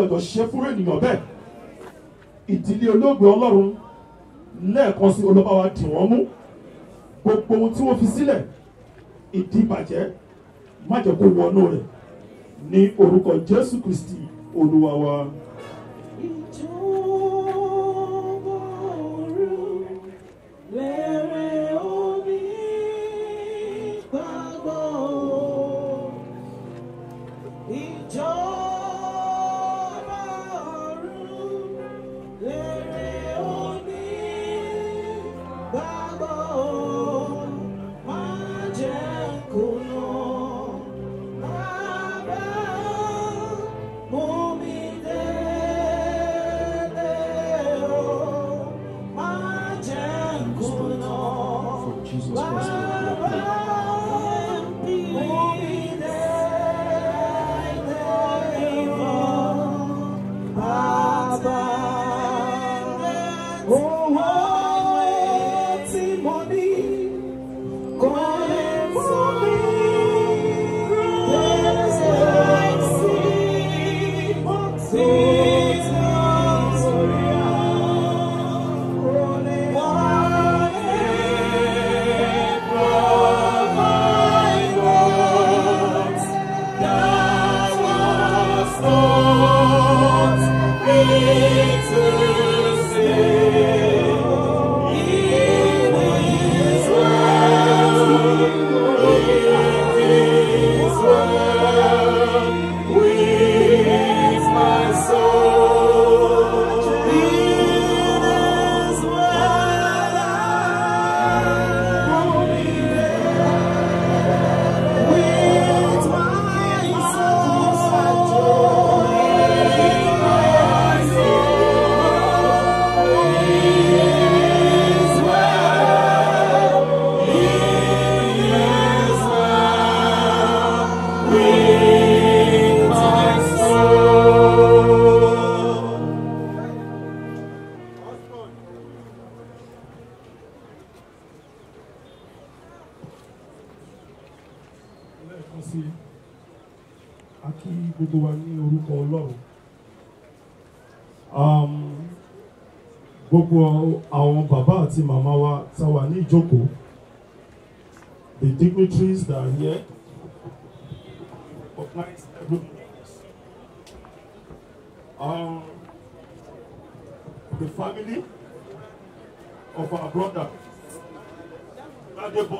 ọ̀dọ̀ ṣe fún ènìyàn bẹ́ẹ̀ ìdílé olóògbé ọlọ́run lẹ́ẹ̀kan sí olóbá wa dì wọ́n mú gbogbo ohun tí wọ́n fi sílẹ̀ ìdíbàjẹ́ má jẹ́ kó wọnú rẹ̀ ní orúkọ Jésù Kristi olúwa wa. a gbogbo wa ní orúkọ Ọlọ́run um, gbogbo àwọn bàbá àti màmá wa tá ní ìjókòó the dignitaries that are here organize Um, the family of our brother, Adebo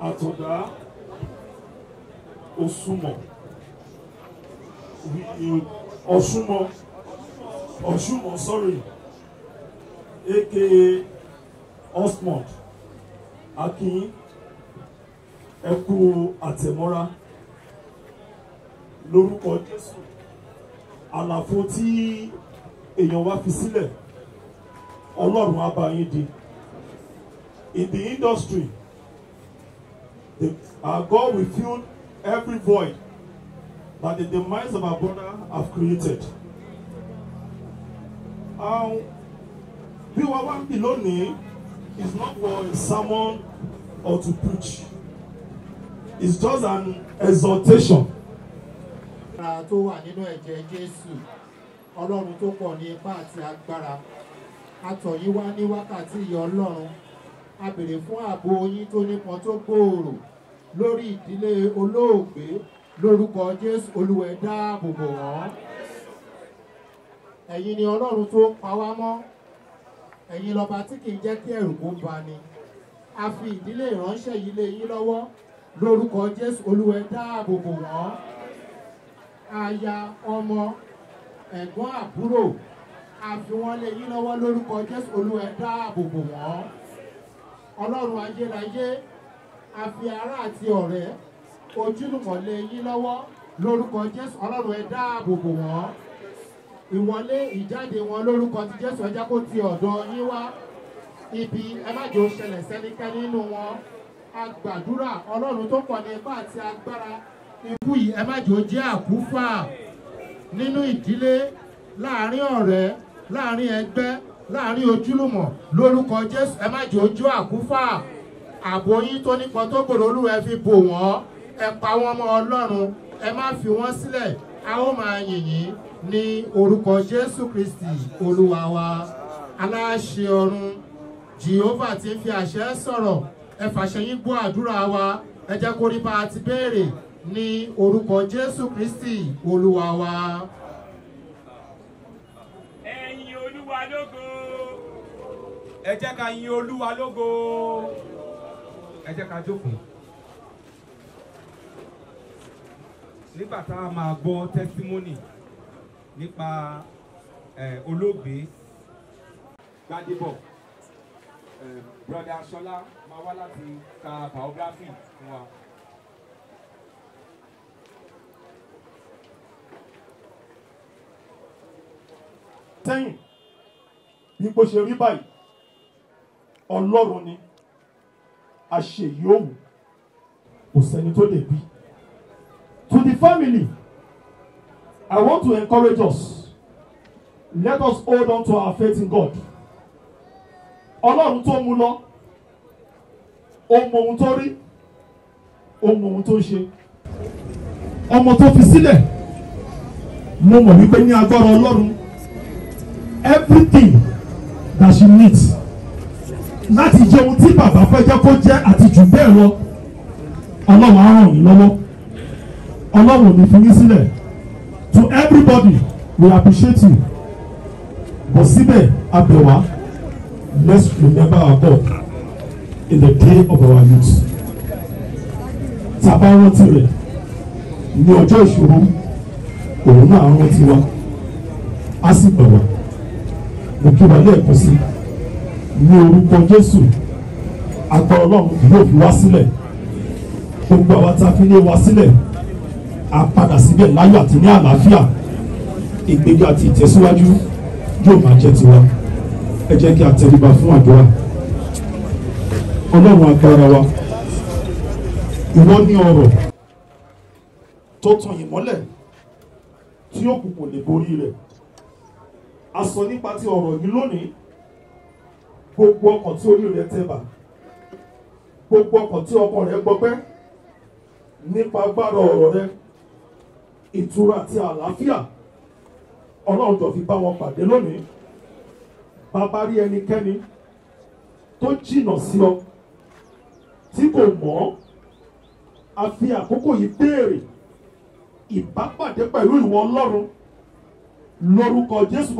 Atoda. Osúnmọ̀ Ọ̀ṣúnmọ̀ Ọ̀ṣúnmọ̀ sorry aka Osmond Akin ẹkú àtẹ̀mọ́ra lórúkọ Jésù àlàfo tí èèyàn wá fi sílẹ̀ Ọlọ́run á bá in the industry the, uh, God will fill every void that the demise of our brother have created. Um, bí wọ́n one ń bì is not for a sermon or to preach it's just an exhortation. tó wà nínú ẹ̀jẹ̀ Jésù Ọlọ́run tó pọ̀ ní ipá àti agbára atọ̀yíwá ní wákàtí ìyọ́ Ọlọ́run a béèrè fún ààbò yín tó nípọn tó gbòòrò lórí ìdílé olóògbé lórúkọ Jésù olúwẹ̀ dáàbò bò wọ́n ẹ̀yin ni ọlọ́run tó pa wá mọ́ ẹ̀yin lọ́ba tí kì í jẹ́ kí ẹ̀rù kó bani a fi ìdílé ìránṣẹ́ yìí lé yín lọ́wọ́ lórúkọ Jésù olúwẹ̀ dáàbò bò wọ́n aya ọmọ ẹ̀gbọ́n àbúrò a fi wọ́n lé yín lọ́wọ́ lórúkọ Jésù olúwẹ̀ dáàbò bò wọ́n ayérayé àfi ará àti ọ̀rẹ́ ojúlùmọ̀ lé yín lọ́wọ́ lórúkọ Jésù Ọlọ́run ẹ dáàbò bò wọ́n ìwọlé ìjáde wọn lórúkọ ti Jésù ẹ jẹ́ kó ti ọ̀dọ̀ yín wá ibi ẹ má jẹ́ ó ṣẹlẹ̀ sẹ́nikẹ́ni nínú wọn agbàdúrà Ọlọ́run tó pọ̀ ní ipá àti agbára ikú yìí ẹ má jẹ́ ó jẹ́ àkúfà nínú ìdílé láàrin ọ̀rẹ́ láàrin ẹgbẹ́ láàrin ojúlùmọ̀ lórúkọ Jésù ẹ má jẹ́ ó jẹ́ àkúfà ààbò yín tó nípa tó gbòòrò olúwa ẹ fi bò wọ́n ẹ pa wọ́n mọ́ ọlọ́run ẹ má fi wọ́n sílẹ̀ a ó máa yìnyín ní orúkọ jésù kristi olúwa wa aláṣẹ ọ̀run jehova ti fi àṣẹ sọ̀rọ̀ ẹ fàṣẹ yín gbọ́ àdúrà wa ẹ jẹ́ kó rí bá a ti béèrè ní orúkọ jésù kristi olúwa wa. ẹyin olúwa lógo ẹ jẹ́ ká yin olúwa lógo ẹ jẹ́ ká jókòó. nígbà tá a máa gbọ́ tẹ́símọ́nì nípa olóògbé Gbádébọ̀ brother Ṣọlá máa wá láti ka biography fún wa. sẹ́yìn bí kò ṣe rí báyìí ọlọ́run ni àṣeyí òwò kò sẹ́ni tó lè bí. To the family, I want to encourage us. Let us hold on to our faith in God. Ọlọ́run tó mú lọ, ó mọ ohun tó rí, ó mọ ohun tó ṣe. Ọmọ tó fi sílẹ̀, mo mọ̀ wípé ní agbára Ọlọ́run, everything that she needs láti jẹ ohun tí bàbá fẹ́ jẹ́ kó jẹ́ àti jù bẹ́ẹ̀ lọ ọlọ́run á ràn yín lọ́wọ́ ọlọ́run ò fi yín sílẹ̀ to everybody we appreciate you bọ̀ síbẹ̀ abẹ̀wá let's remember our God in the day of our youth tàbá rántí rẹ̀ ní ọjọ́ ìṣòro òun náà rántí wa á sì pẹ̀wà mo kí wa lẹ́ẹ̀kan sí i ní orúkọ Jésù agbára Ọlọ́run yóò fi wá sílẹ̀ gbogbo àwa tá a fi lé wa sílẹ̀ a padà síbẹ̀ láyọ̀ àti ní àlàáfíà ìgbéga àti ìtẹ̀síwájú yóò máa jẹ́ tiwa ẹ jẹ́ kí a tẹríba fún àdúrà Ọlọ́run agbára wa ìwọ ní ọrọ̀ tó tan ìmọ́lẹ̀ tí òkùnkùn lè borí rẹ̀ a sọ nípa ti ọ̀rọ̀ yìí lónìí gbogbo ọkàn tí orí rẹ tẹ bà gbogbo ọkàn tí ọkọ rẹ gbọgbẹ́ nípa agbára ọ̀rọ̀ rẹ ìtura àti àlàáfíà ọlọ́run tó fi bá wọn pàdé lónìí bàbá rí ẹnikẹ́ni tó jìnà sí ọ tí kò mọ̀ a fi àkókò yìí béèrè ìbápàdé pẹ̀lú ìwọ ọlọ́run lórúkọ jésù